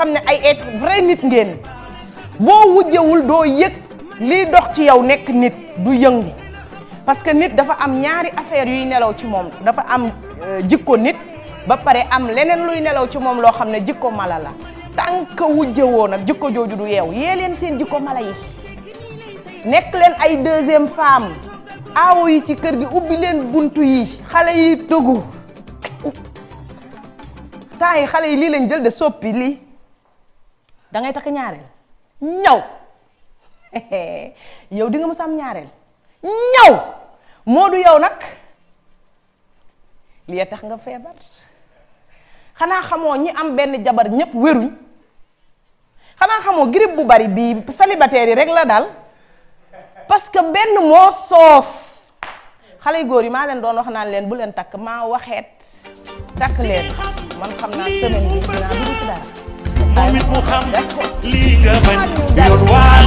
xam ne ay être vrai nit ngeen boo wujjewul doo yëg liy dox ci yow nekk nit du yëngu parce que nit dafa am ñaari affaire yuy nelaw ci moom dafa am euh, jikko nit ba pare am leneen luy nelaw ci moom loo xam ne jikko mala la tant que wujjewoo nag jikko jooju du yeew yee leen seen jikko mala yi nekk leen ay deuxième femme aawo yi ci kër gi ubbi leen buntu yi xale yi tëggu temps yi xale yi lii lañ jël de soppi lii dangay takk ñaareel ñaw yow dinga nga am ñaareel ñaw moo du yow nag li tax nga feebar xanaa xamoo ñi am benn jabar ñépp wéruñ xanaa xamoo grippe bu bari bii célibataire yi rek la daal parce que benn moo soof xale yu góor yi maa leen doon wax naan leen bu leen takk maa waxeet takk leen man xam naa semaine bi dinaa dugg ci dara moom it mu xam lii nga bañ yoon waa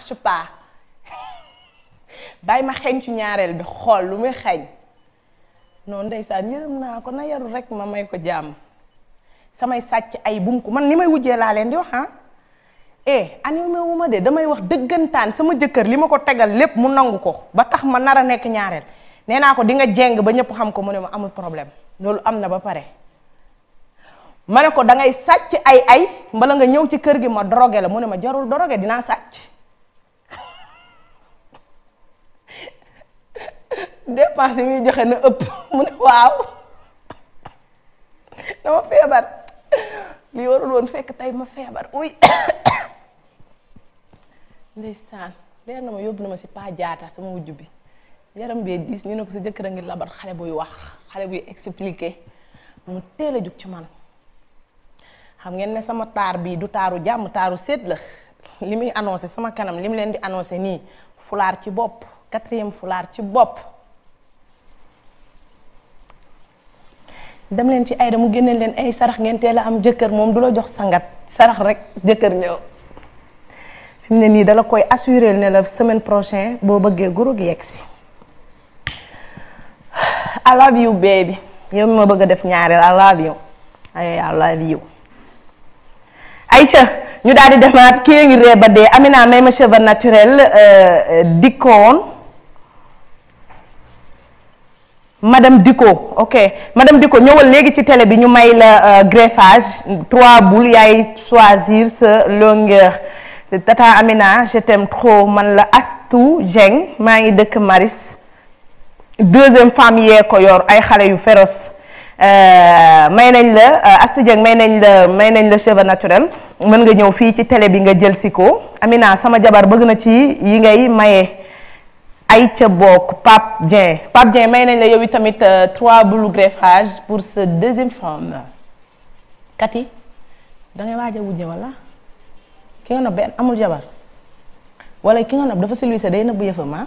marche pas bàyyi ma xeeñ ci ñaareel bi xool lu muy xeeñ noonu ndeysaan yërëm naa ko na yarul rek ma may ko jàmm samay sàcc ay bum ko man ni may wujjee laa leen di wax ah eh animé ma de damay wax dëggantaan sama jëkkër li ma ko tegal lépp mu nangu ko ba tax ma nar a nekk ñaareel nee naa ko di nga jeng ba ñëpp xam ko mu ne ma amul problème loolu am na ba pare. ma ne ko dangay ngay sàcc ay ay mbala nga ñëw ci kër gi ma drogué la mu ne ma jarul drogué dinaa sàcc dépense yi muy joxe na ëpp mu ne waaw dama feebar li warul fekk tey ma feebar uy ndeysaan leer na ma yóbbu na ma si pa jaata sama wujj bi yaram bee diis ñu ne ko si jëkkër a ngi labar xale buy wax xale buy expliquer mu teel a jug ci man xam ngeen ne sama taar bii du taaru jàmm taaru seet la li muy annoncé sama kanam li mu leen di annoncé nii fulaar ci bopp quatrième fulaar ci bopp dem leen ci Aïda mu génneel leen ay sarax ngeen teel am jëkkër moom du la jox sangat sarax rek jëkkër ñëw fi mu ne nii dala koy assuré ne la semaine prochaine boo bëggee guru gi yegg si I love bi baby yow ma bëgg a def ñaareel I love you ay I love you ay ca ñu daal di demaat kii ngi ree ba dee Amina may ma cheveux naturel euh, euh, dikkoon madame Diko ok madame Diko ñëwal léegi ci tele bi ñu may la euh, greffage trois boules yaay choisir sa longueur tata Amina je t'aime trop man la Astou Dieng maa ngi dëkk Maris deuxième femme yee ko yor ay xale yu féroce euh, may nañ la euh, Astou Dieng may nañ la may nañ la cheveux naturel mën nga ñëw fii ci tele bi nga jël si ko Amina sama jabar bëgg na ci yi ngay maye. ay ca bokk Pape Dieng Pape Dieng may nañ la yow tamit euh, trois boules greffage pour sa deuxième femme kat yi da ngay waaj ki nga nopp benn amul jabar wala ki nga nopp dafa siluy sa day nëbb yëfam ma ah?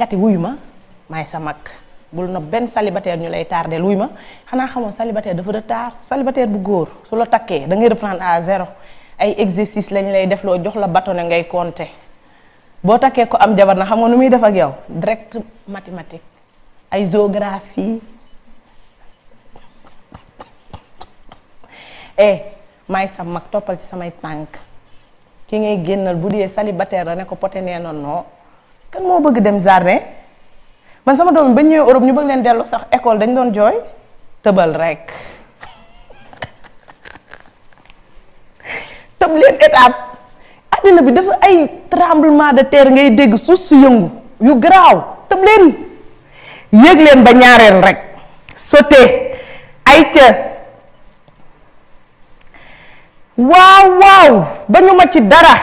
kat yi wuyu ma maay sa mag bul nopp benn célibataire ñu lay tardel wuyu ma xanaa xamoon célibataire dafa retard célibataire bu góor su la takkee da ngay reprendre à zéro ay exercice lañ lay def loo jox la bato bâtonnet ngay compter. boo takkee ko am jabar na xam nga nu muy def ak yow direct mathématique ay géographie eh may sa mag toppal ci samay tànk ki ngay génnal bu dee célibataire la ne ko poté nee noon non kan moo bëgg dem jardin man sama doom ba ñëwee Europe ñu bëgg leen dellu sax école dañ doon jooy tëbal rek tëb leen étape àddina bi dafa ay tremblement de terre ngay dégg suuf su yëngu yu garaaw tëb leen yéeg leen ba ñaareel rek sauté ay ca waaw waaw ba ñu ma ci dara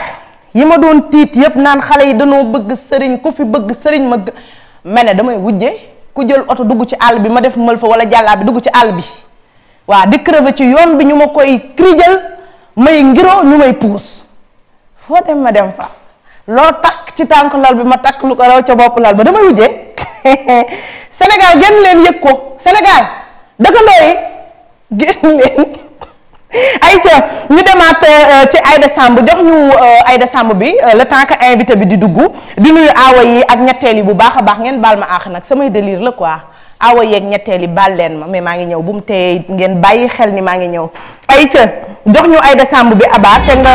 yi ma doon tiit yépp naan xale yi dañoo bëgg sëriñ ku fi bëgg sëriñ ma mene damay wujje ku jël oto dugg ci àll bi ma def mël fa wala jàllaa bi dugg ci àll bi waa di crever ci yoon bi ñu ma koy crijal may ngiro ñu may puus foo dem ma dem fa loo takk ci tànk lal bi ma takk lu ko raw ca bopp lal ba damay wujjee Sénégal génn leen yëg ko Sénégal dëkkandoo yi génn leen ay ca ñu demaat euh, ci Aïda Samb jox ñu euh, Aïda Samb bi euh, le temps que invité bi di dugg di nuyu aawa yi ak ñetteel yi bu baax a baax ngeen baal ma aax nag samay délire la quoi awa yeeg ñetteeli baal leen ma mais maa ngi ñëw bu mu ngeen bàyyi xel ni maa ngi ñëw ay ca jox ñu ay décembre bi abaa te nga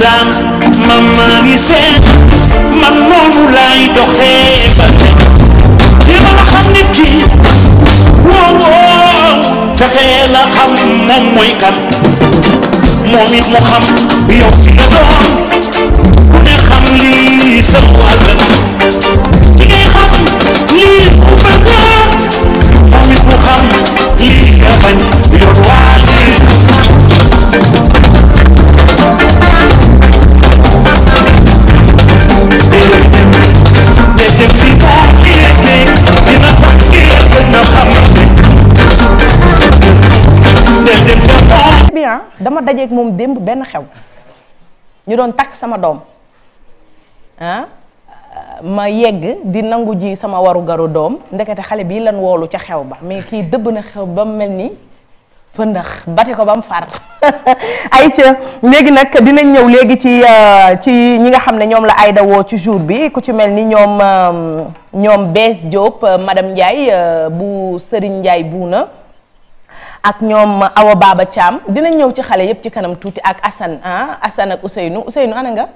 daan ma maa ngi seen man noonu laay doxee ba tey di la xam nit ki woo woo fexee la xam moom mooy kan moom it mu xam yow ki nga doon ku ne xam lii sa wàll pourtant ah, dama dajeeg moom démb benn xew ñu doon takk sama doom ah ma yegg di nangu ji sama waru garu doom ndekete xale bii lan woolu ca xew ba mais kii dëbb na xew ba mu mel ni pëndax bate ko bam far ay ca léegi nag dinañ ñëw léegi ci euh, ci ñi nga xam ne ñoom la Aïda woo ci jour bi ku ci mel ni ñoom euh, ñoom Bees Diop euh, madame Ndiaye bu Serigne Ndiaye buuna ak ñoom Awa baaba caam dinañ ñëw ci xale yépp ci kanam tuuti ak Assane ah Assane ak Ousseynou Ousseynou ana nga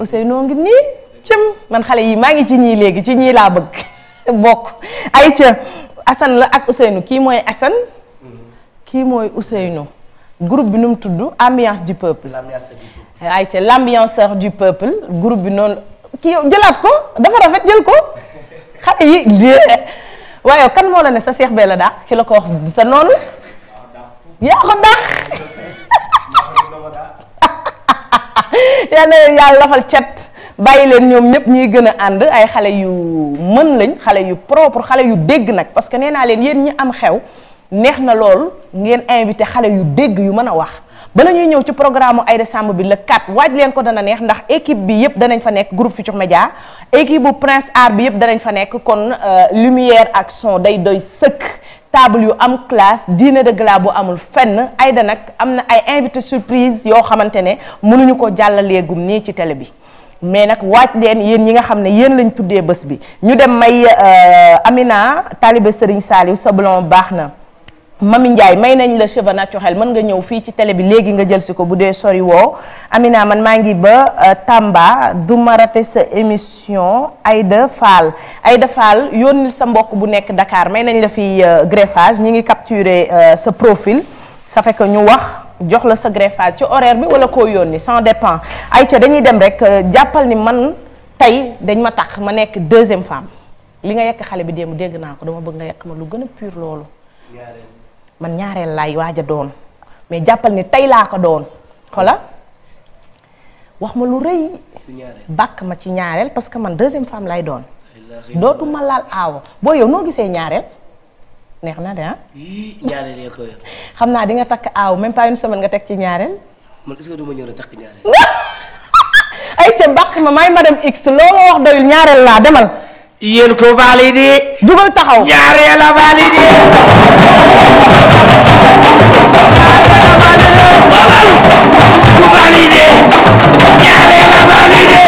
Ousseynou ngi nii cim man xale yi maa ngi ci ñii léegi ci ñii laa bëgg bokk ay ca Assane la ak Ousseynou kii mooy Assane kii mooy Ousseynou groupe bi nu mu tudd ambiance du peuple ay ca l'ambianceur du peuple group bi noonu kii jëlaat ko dafa rafet jël ko xale yi waaye kan moo la ne sa seex bee la daax ki la ko wax sa noonu yaa ko ndax yal na leen yàlla lafal cet bàyyi leen ñoom ñépp ñuy gën a ànd ay xale yu mën lañ xale yu propre xale yu dégg nag parce que nee naa leen yéen ñi am xew neex na lool ngeen invité xale yu dégg yu mën a wax bala ñuy ñëw ci programme Aïda sàmm bi la 4 waaj leen ko dana neex ndax équipe bi yëpp danañ fa nekk groupe Futurs média équipe bu Prince Art bi yëpp danañ fa nekk kon euh, lumière action day doy sëkk table yu am classe dîner de gala bu amul fenn ayda nag am na ay invité surprise yoo xamante ne mënuñu ko jàllaleegum nii ci tele bi mais nag waaj leen yéen ñi nga xam ne yéen lañ tuddee bés bi ñu dem may euh, Amina taalibe Serigne Saliou sablon baax na Mami Ndiaye may nañ la cheveux naturel mën nga ñëw fii ci tele bi léegi nga jël si ko bu dee sori woo Amina man maa ngi ba euh, tàmba du marate raté sa émission Aïda Fall Aïda Fall yónnil sa mbokk bu nekk Dakar may nañ la fi euh, greffage ñi ngi capturer euh, sa profil sa fekk ñu wax jox la sa greffage ci horaire bi wala koo yónni sans dépend ayca dañuy dem rek jàppal ni man tey dañ ma tax ma nekk deuxième femme li nga yekk xale bi démb dégg naa ko dama bëgg nga yekk lu gën a pur man ñaareel laay waaj a doon mais jàppal ni tey laa ko doon xola wax ma lu rëy bàkk ma ci ñaareel parce que man deuxième femme lay doon dootuma laal aawo boo yow noo gisee ñaareel neex na de ah ñaareel xam naa di nga takk aaw même pas une semaine nga teg ci ñaareel man est ma ñëw rek takk ñaareel ay ca bàkk ma may madame X loo ma wax doyul ñaareel laa demal yéen ko validé. dugal taxaw ñaareel a validé. ku validé. ñaareel a validé.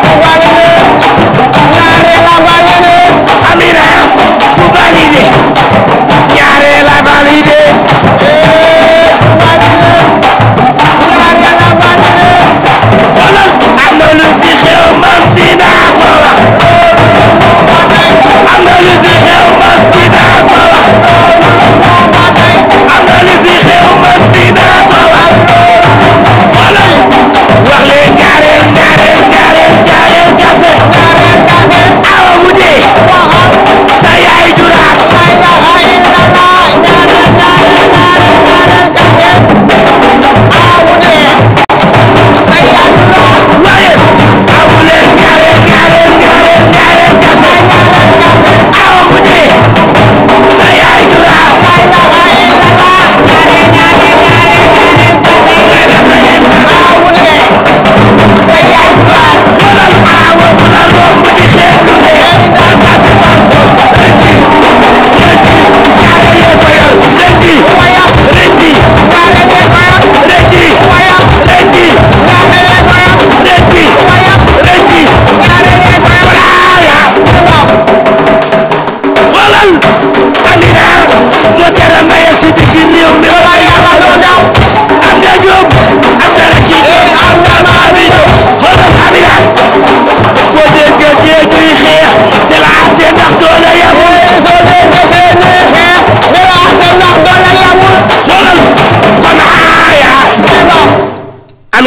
ku validé. ñaareel a validé. Amina ku validé. ñaareel a validé. ku validé. ñaareel a validé. Wow.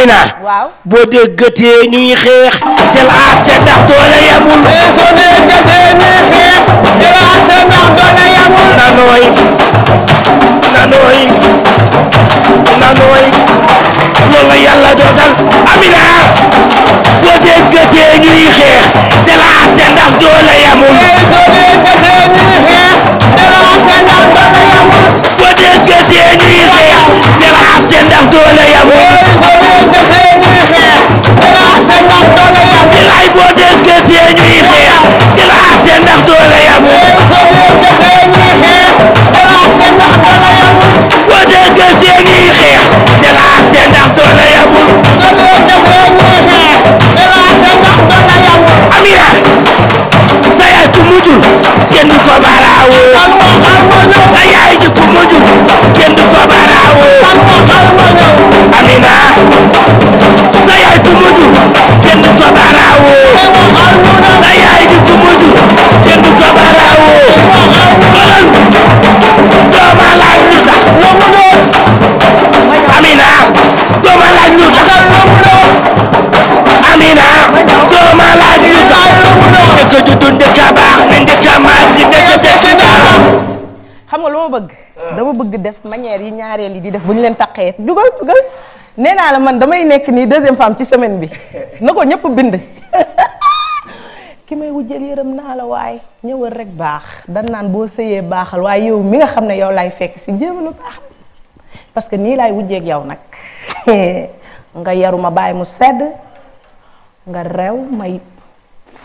naa. waaw boo dee gëtee ñuy xeex. del àtte ndax doole yamul. mais soo dee gëtee ñuy xeex. del àtte ndax doole Amina boo dee gëtee xeex. del àtte ndax doole yamul. di def bu ñu leen taqee jugal jugal nee naa la man damay nekk nii deuxième femme ci semaine bi na ko ñëpp bind ki may wujjal yërëm naa la waaye ñëwal rek baax dan naan boo sëyee baaxal waaye yow mi nga xam ne yow laay fekk si jéemalu baax parce que nii laay wujjeek yow nag nga yaruma baay mu sedd nga rew may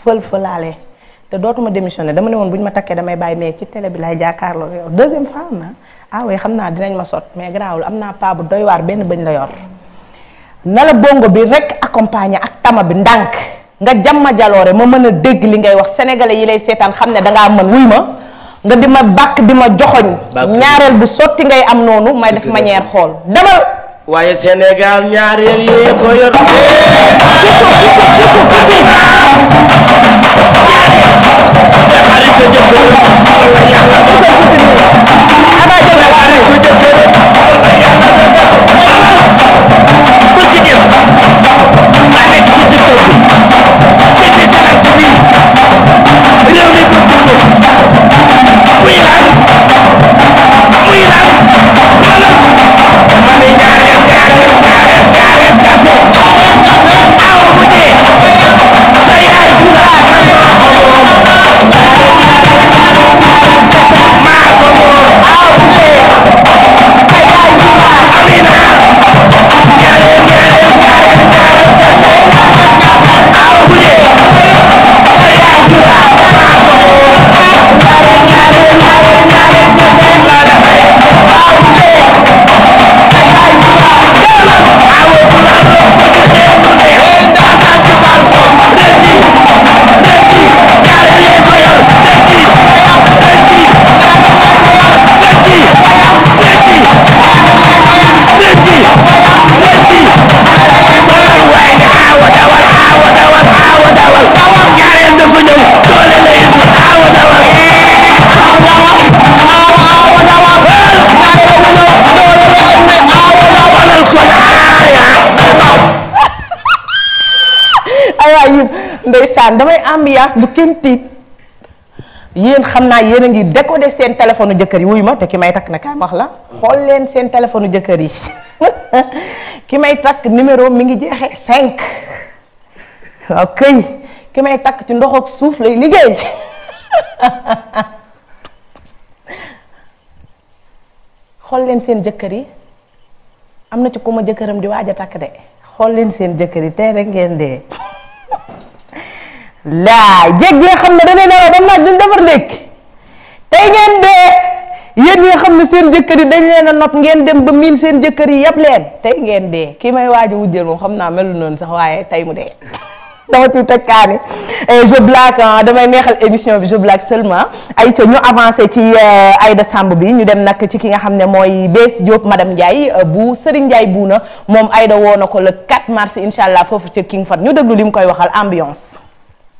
fël-fëlaale te dootuma démissionné dama ne woon bu ñu ma takkee damay bàyyi mais ci télé bi laay jàkkaarloo yow deuxième femme ah. ah oui xam naa dinañ ma sot mais garaawul am naa paa bu waar benn bañ la yor nala la bongo bi rek accompagner ak tama bi ndànk nga jam ma jaloore ma mën a dégg li ngay wax sénégalais yi lay seetaan xam ne danga mën wuy ma nga di ma bàkk di ma joxoñ ñaareel bu sotti ngay am noonu may def ma manière xool demal waaye Sénégal Thank you. kaas bu kenn tiit yéen xam naa yéen a ngi décoder seen téléphone jëkkër yi wuyu ma te ki may takk na kaay wax la xool leen seen téléphone jëkkër yi ki may takk numéro mi ngi jeexee cinq takk ci ndox ak suuf lay liggéey xool leen seen jëkkër yi am na ci ku ma jëkkëram di waaj a takk de xool leen seen jëkkër yi te rek ngeen dee laa jéeg yi xam ne danay nelaw ba naaj duñ defar ndékki tey ngeen dee yéen ñi xam ne seen jëkkër yi dañ leen a nopp ngeen dem ba miin seen jëkkër yi yëpp leen tey ngeen dee kii may waaj a wujjal moom xam naa melu noonu sax waaye tey mu dee dama ciy toj kaani je blague ah, damay neexal émission bi je blague seulement ay ca ñu avancer ci euh, Aïda Samb bi ñu dem nag ci ki nga xam ne mooy Bess Diop madame Ndiaye euh, bu Serigne Ndiaye buuna moom Aïda woo na ko le 4 mars incha allah foofu ca King Fat ñu déglu li mu koy waxal ambiance.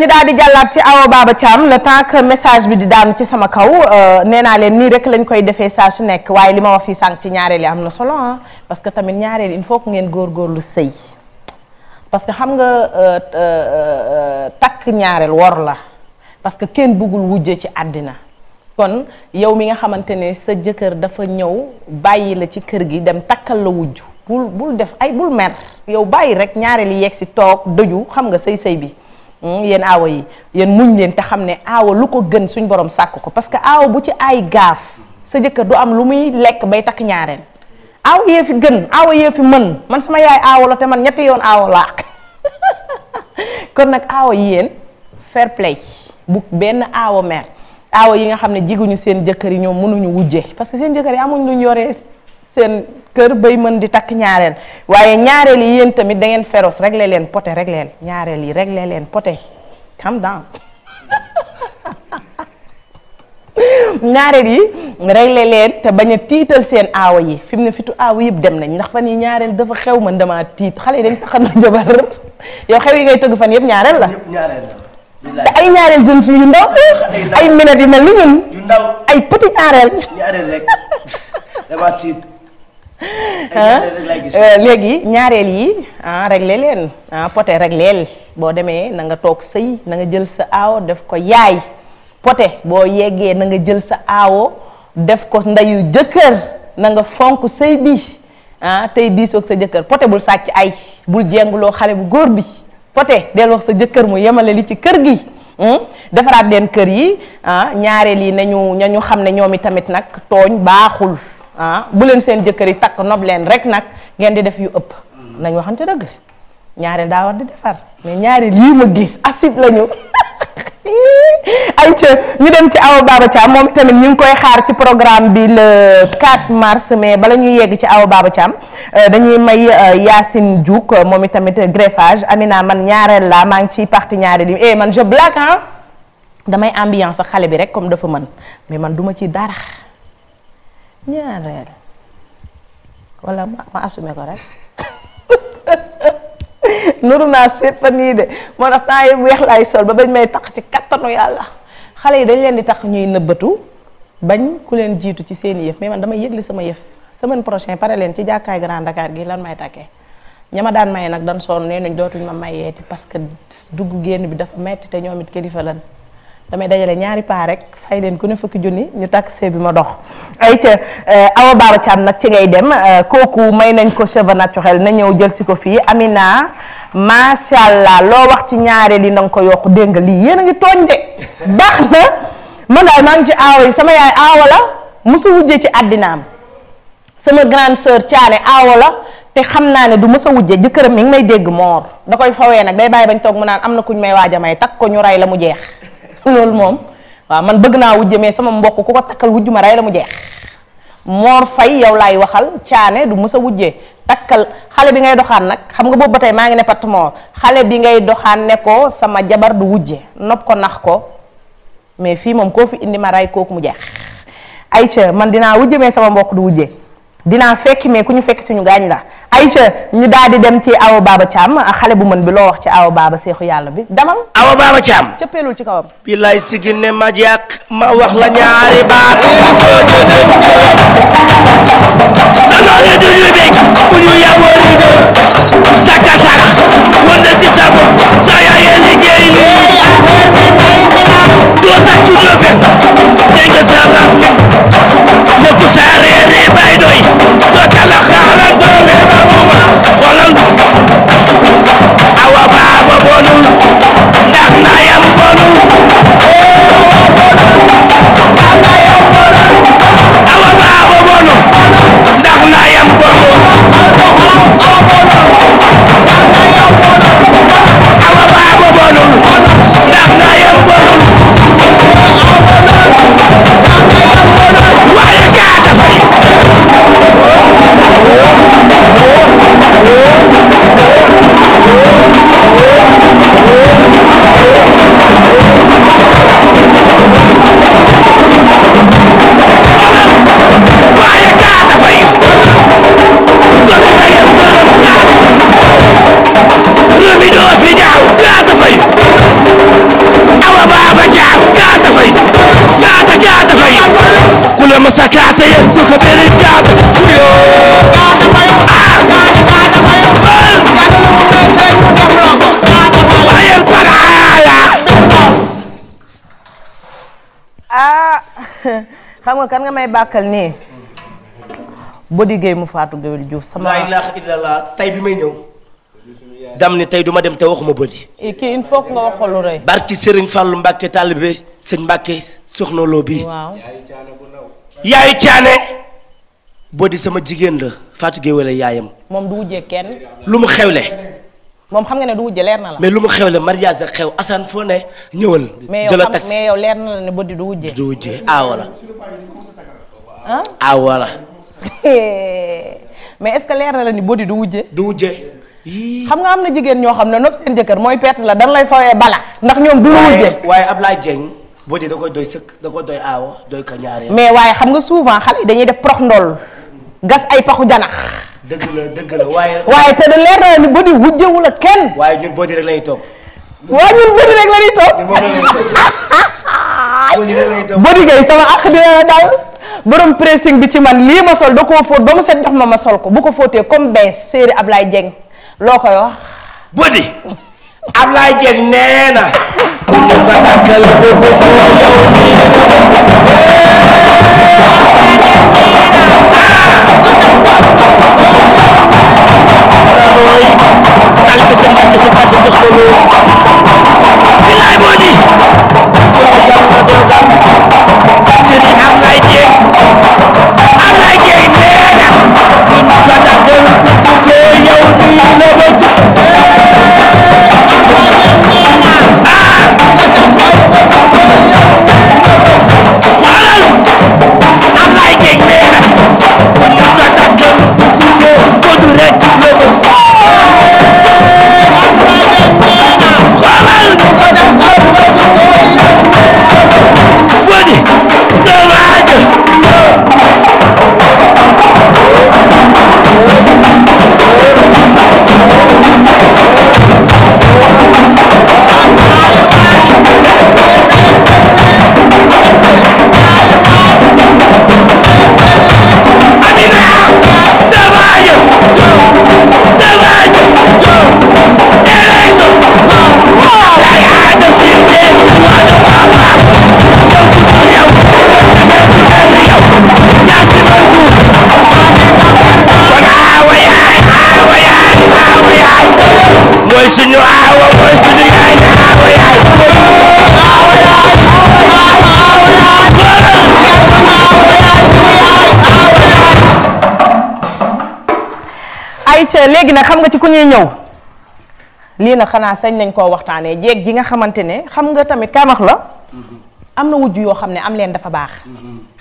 ñu daal di jàllaat ci Awa Baba Thiam le temps que message bi di daan ci sama kaw euh, nee naa leen nii rek lañ koy defee saa su nekk waaye li ma wax fii sànq ci ñaareel yi am na solo ah parce que tamit ñaareel il faut que ngeen góorgóorlu sëy parce que xam nga euh, euh, takk ñaareel wor la parce que kenn bëggul wujje ci àddina kon yow mi nga xamante ne sa jëkkër dafa ñëw bàyyi la ci kër gi dem takkal la wujj bul bul def ay bul mer yow bàyyi rek ñaareel yi yegg si toog doju xam nga sëy sëy bi Hmm? yéen aawa yi yéen muñ leen te xam ne aawa lu ko gën suñ boroom sàkk ko parce que aawa bu ci ay gaaf sa jëkkër du am lu muy lekk bay takk ñaareel aawa yee fi gën aawa yee fi mën man sama yaay aawa la te man ñetti yoon aawa la kon nag aawa yi yéen fair play bu benn aawa mer aawa yi nga xam ne jiguñu seen jëkkër yi ñoom mënuñu wujje parce que seen jëkkër yi amuñ luñ yoree seen kër bay mën di takk ñaareel waaye ñaareel yi yen tamit da ngeen féroce réglé leen poté réglé leen ñaareel yi réglé leen poté calm down ñaareel yi réglé leen te bañ a tiital seen aawa yi fi mu ne fitu aawa yëpp dem nañ ndax fan yi ñaareel dafa xew man dama tiit xale yi dañ taxal na jabar yow xew yi ngay tëgg fan yëpp ñaareel la te ay ñaareel jeune fii yu ndaw ay minutes yu mel ni ay petit ñaareel Euh, léegi ñaareel yi ah leen ah poté régleel boo demee na nga toog sëy na nga jël sa aawo def ko yaay poté boo yeggee na nga jël sa awo def ko ndeyu jëkkër na nga fonk sëy bi ah tey diisoog sa jëkkër poté bul sàcc ay bul jenguloo xale bu góor bi poté del wax sa jëkkër mu yemale li ci kër gi hmm? defaraat leen kër yi ah ñaareel yi nañu nañu xam ne ñoom i tamit nag tooñ baaxul ah bu leen seen jëkkër yi takk nob leen rek nag ngeen di def yu ëpp mm-hmm. nañ waxante dëgg ñaari daa war di defar mais ñaari lii ma gis asib lañu ay ca ñu dem ci aw Baba Thiam moom tamit ñu ngi koy xaar ci programme bi le 4 mars mais bala ñuy yegg ci aw Baba Thiam euh, dañuy may euh, Yacine Diouk euh, moom itamit greffage Amina man ñaareel la maa ngi ciy parti ñaari li eh, man je blague ah damay ambiance xale bi rek comme dafa mën mais man duma ci dara. ñaareel wala ma ma assumé ko rek nuru naa seet fa nii de moo tax temps yi weex laay sol ba bañ may tax ci kattanu yàlla xale yi dañ leen di tax ñuy nëbbatu bañ ku leen jiitu ci seen yëf mais man damay yëgli sama yëf semaine prochaine pare leen ci jàkkaay Grand Dakar gi lan may takkee ñama daan maye nag dan soon nee nañ dootuñ ma mayeeti parce que dugg génn bi dafa metti te ñoom it kilifa lan damay dajale ñaari paa rek fay leen ku ne fukki junni ñu takk taxi bi ma dox ay ca euh, Awa Baba Thiam nag ci ngay dem euh, kooku may nañ ko cheveux naturel na ñëw jël si ko fii Amina macha allah loo wax ci ñaareel yi na nga ko yokk dégg nga lii yéen a ngi tooñ de baax na man daal maa ngi ci aawa yi sama yaay aawa la mosu wujje ci àddinaam sama grande sœur Thiané aawa la te xam naa ne du mës a wujje jëkkëram mi ngi may dégg moor da koy fawee nag day bàyyi bañ toog mu naan am na kuñ may waaj a may ko ñu rey la mu jeex loolu moom waaw man bëgg naa wujje mais sama mbokk ku ko takkal wujj ma rey la mu jeex Mor Fay yow laay waxal caane du mës a wujje takkal xale bi ngay doxaan nag xam nga boobu ba tey maa ngi ne pat Mor xale bi ngay doxaan ne ko sama jabar du wujje nopp ko nax ko mais fii moom koo fi indi ma rey kooku mu jeex ay ca man dinaa wujje mais sama mbokk du wujje dinaa fekki mais ku ñu fekk suñu gaañ la ayca ñu daal dem ci Awa Baba Thiam xale bu mën bi loo wax ci Awa Baba seexu yàlla bi damal Awa Baba Thiam cëppeelul ci kawam billaay sigi ne ma jàkk ma wax la ñaari baat sanoone duñuy bég bu ñu yàwoo sa bopp liggéey li doo sàccu doo fen dégg sa ne yëkku sa reere bay doy doo talax xaaral awa baaba bonul ndax ndayam bonul awa baaba bonul ndax ndayam bonul awa baaba bonul ndax ndayam bonul waaye gaa dafay may bàkkal nii Bodi Gueye mu faatu géwél Diouf sama laa ilaaha illallaah tey bi may ñëw dam ni tey duma dem te waxuma Bodi kii il faut nga waxal lu rëy barki Serigne Fallou Mbacke taalibe sëñ Mbacke soxna bi waaw yaayu caane Bodi sama jigéen la faatu géwél yaayam moom du wujjee kenn lu mu xewle moom xam nga ne du wujje leer na la. mais lu mu xewle mariage ak xew Assane foo ne ñëwal. mais yow leer na la ne Bodi du du wujje ah Ah, ah voilà. mais est-ce que leer na la ni body du wujje. du wujje. xam nga am na jigéen ñoo xam ne nopp seen jëkkër mooy perte la dan lay fawee bala. ndax ñoom du lu wujje waaye Ablaye Dieng. body da koy doy sëkk da koy doy aawa doy ko ñaareel. mais waaye xam nga souvent xale yi dañuy def prox ndoll gas ay paxu janax. dëgg la dëgg la waaye. waaye te de leer na la ni body wujjewul ak kenn. waaye ñun body rek lañuy topp. waaw ñun body gay sama ak dina la dal. borom pressing bi ci man lii ma sol da koo fóot ba mu set jox ma ma sol ko bu ko fóotee comme bees séeri Ablaye Dieng loo koy wax. buddi Ablaye Dieng nee na. bu ñu ko takkal bu ko ko yow nii. Serigne Ablaye Dieng Ablaye Dieng nee na gisee léegi nag xam nga ci ku ñuy ñëw lii nag xanaa sañ nañ koo waxtaanee jeeg ji nga xamante ne xam nga tamit kaamax la am na wujj yoo xam ne am leen dafa baax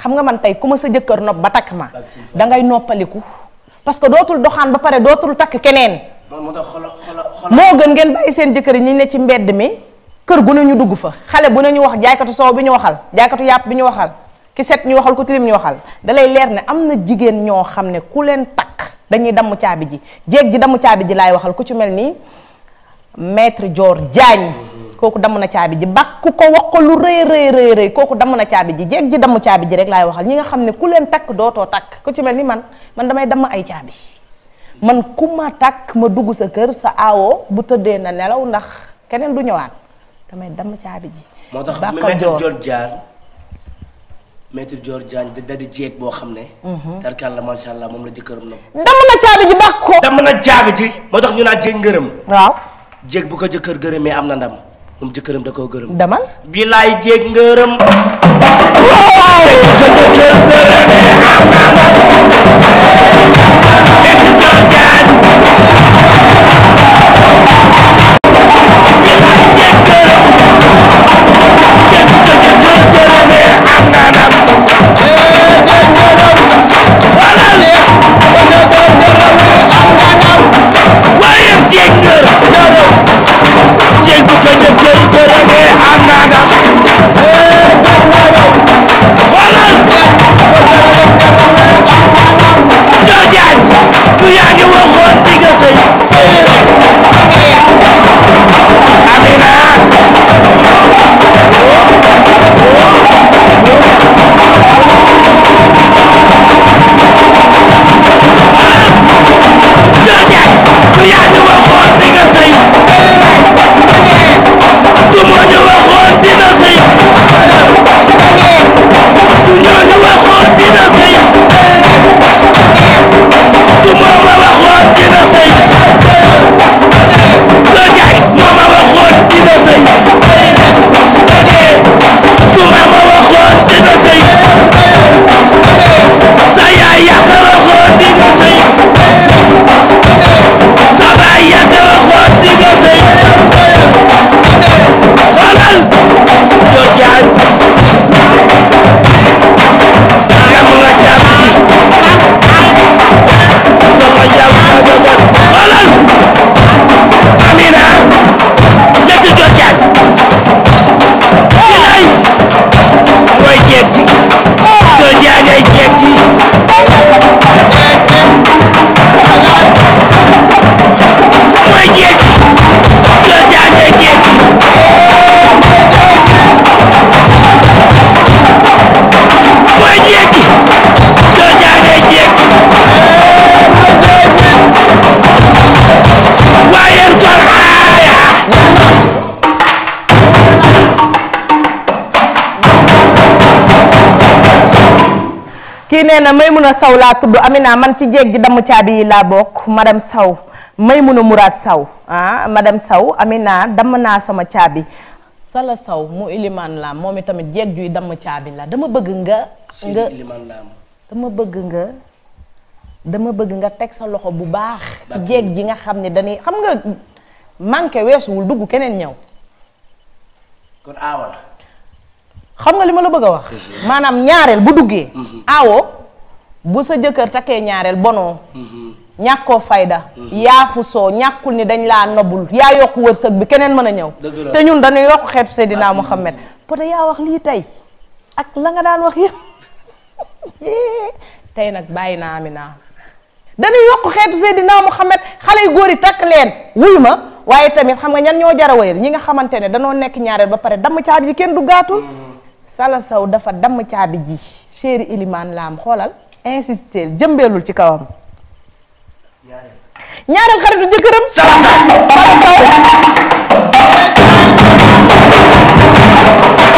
xam nga man tey ku ma sa jëkkër nopp ba takk ma da ngay noppaliku parce que dootul doxaan ba pare dootul takk keneen moo gën ngeen bàyyi seen jëkkër yi ñi ne ci mbedd mi kër gu ne ñu dugg fa xale bu ne ñu wax jaaykatu soow bi ñu waxal jaaykatu yàpp bi ñu waxal ki set ñu waxal ku tilim ñu waxal dalay leer ne am na jigéen ñoo xam ne ku leen takk dañuy damm caabi ji jéeg ji damm caabi ji laay waxal ku ci mel ni maître Dior jaañ kooku damm na caabi ji bak ku ko wax ko lu rëy rëy rëy kooku damm na caabi ji jéeg ji damm caabi ji rek laay waxal ñi nga xam ne ku leen takk dootoo takk ku ci mel ni man man damay damm ay caabi man ku ma takk ma dugg sa kër sa aawoo bu tëddee na nelaw ndax keneen du ñëwaat damay damm caabi ji. moo tax maître Dior da di jeeg boo xam ne. Mhm. tarkaan la macha allah moom la jëkkëram na. damm na caabi ji baax ko. damm na caabi ji moo tax ñu naan jéeg ngërëm. waaw jéeg bu ko jëkkër gërëmee am na ndam moom jëkkëram da koo gërëm. damal bilaay jéeg ngërëm. waaw. nee mun a Saw laa tudd Amina man ci jéeg ji damm caabi yi laa bokk ma dem Saw may Maymuna Muraad Saw ah, ma dem Saw Amina damm naa sama caabi sala Saw mu ilimaan laam moom itamit jéeg juy damm caabi la dama bëgg nga. nga dama bëgg nga. dama bëgg nga teg sa loxo bu baax. ci jéeg ji nga xam ne dañuy xam nga manqué weesuwul dugg keneen ñëw. kon xam nga li ma la bëgg a wax. maanaam ñaareel bu duggee. aawoo. Mhm. bu sa jëkkër takkee ñaareel bonoo mm-hmm. ñàkkoo fayda mm-hmm. yaafu soo ñàkkul ni dañ laa nobul yaa yokk wërsëg bi keneen mën a ñëw te ñun dañuy yokk xeetu Seydina Muhammad peut-être yaa wax lii tey ak la nga daan wax yëpp tey nag bàyyi naa Amina dañuy yokk xeetu Seydina Muhammad xale yu góor yi takk leen wuyu ma waaye tamit xam nga ñan ñoo jar a ñi nga xamante ne danoo nekk ñaareel ba pare damm caabi ji kenn du gaatul mm-hmm. sala saw dafa damm caabi ji chéri ilimaan laam xoolal insistel jëmbeelul ci kawam ñaareel xaritu jëkkëram